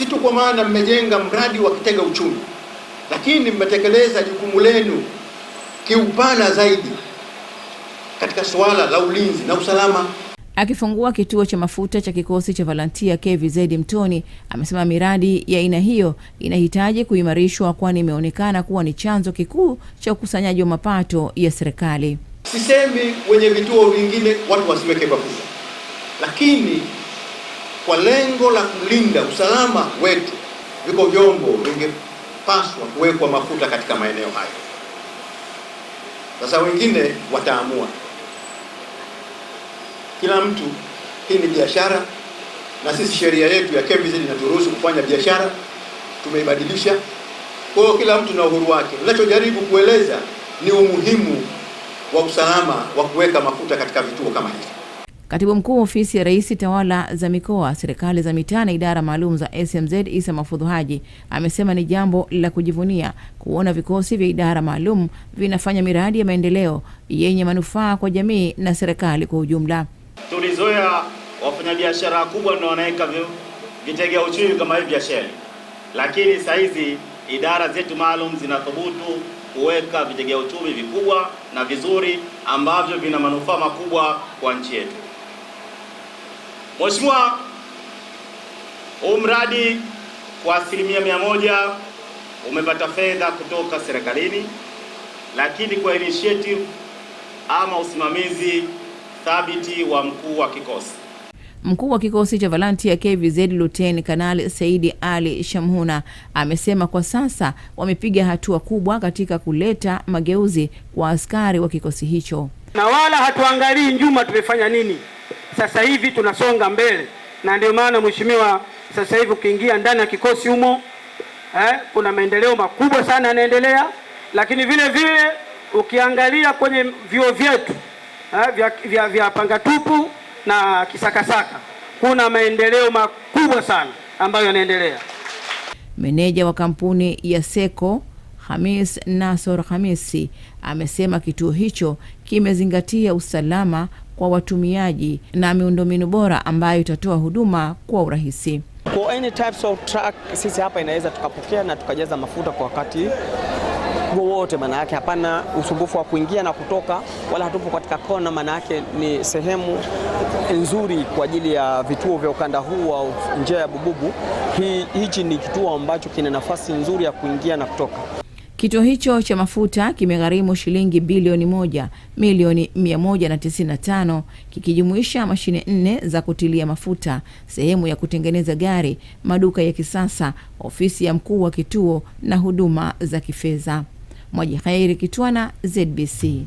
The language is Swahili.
si tu kwa maana mmejenga mradi wa kitega uchumi, lakini mmetekeleza jukumu lenu kiupana zaidi katika suala la ulinzi na usalama. Akifungua kituo cha mafuta cha kikosi cha Valantia KVZ Mtoni, amesema miradi ya aina hiyo inahitaji kuimarishwa, kwani imeonekana kuwa ni chanzo kikuu cha ukusanyaji wa mapato ya serikali. Sisemi wenye vituo vingine watu wasiweke mafuta, lakini kwa lengo la kulinda usalama wetu, viko vyombo vingepaswa kuwekwa mafuta katika maeneo hayo. Sasa wengine wataamua, kila mtu, hii ni biashara, na sisi sheria yetu ya KMVZ inaturuhusu kufanya biashara, tumeibadilisha. Kwa hiyo kila mtu na uhuru wake. Ninachojaribu kueleza ni umuhimu wa usalama wa kuweka mafuta katika vituo kama hivi. Katibu mkuu ofisi ya rais tawala za mikoa serikali za mitaa na idara maalum za SMZ Isa mafudhu haji amesema ni jambo la kujivunia kuona vikosi vya idara maalum vinafanya miradi ya maendeleo yenye manufaa kwa jamii na serikali kwa ujumla. Tulizoea wafanyabiashara kubwa ndio wanaweka vitega uchumi kama hivi vya sheli, lakini saa hizi idara zetu maalum zinathubutu kuweka vitega uchumi vikubwa na vizuri ambavyo vina manufaa makubwa kwa nchi yetu. Mheshimiwa, huu mradi kwa asilimia mia moja umepata fedha kutoka serikalini, lakini kwa initiative ama usimamizi thabiti wa mkuu wa kikosi Mkuu wa kikosi cha Valantia KVZ Luteni Kanali Saidi Ali Shamhuna amesema kwa sasa wamepiga hatua kubwa katika kuleta mageuzi kwa askari wa kikosi hicho, na wala hatuangalii nyuma tumefanya nini sasa hivi tunasonga mbele, na ndio maana mheshimiwa, sasa hivi ukiingia ndani ya kikosi humo eh, kuna maendeleo makubwa sana yanaendelea, lakini vile vile ukiangalia kwenye vyuo vyetu eh, vya, vya, vya Pangatupu na Kisakasaka kuna maendeleo makubwa sana ambayo yanaendelea. Meneja wa kampuni ya Seco Hamis Nasor Hamisi amesema kituo hicho kimezingatia usalama kwa watumiaji na miundombinu bora ambayo itatoa huduma kwa urahisi. Kwa any types of truck, sisi hapa inaweza tukapokea na tukajaza mafuta kwa wakati wowote maana yake hapana usumbufu wa kuingia na kutoka, wala hatupo katika kona. Maana yake ni sehemu nzuri kwa ajili ya vituo vya ukanda huu wa njia ya Bububu. Hichi ni kituo ambacho kina nafasi nzuri ya kuingia na kutoka. Kituo hicho cha mafuta kimegharimu shilingi bilioni moja milioni 195 kikijumuisha mashine nne za kutilia mafuta, sehemu ya kutengeneza gari, maduka ya kisasa, ofisi ya mkuu wa kituo na huduma za kifedha. Mwaji Khairi Kitwana, ZBC.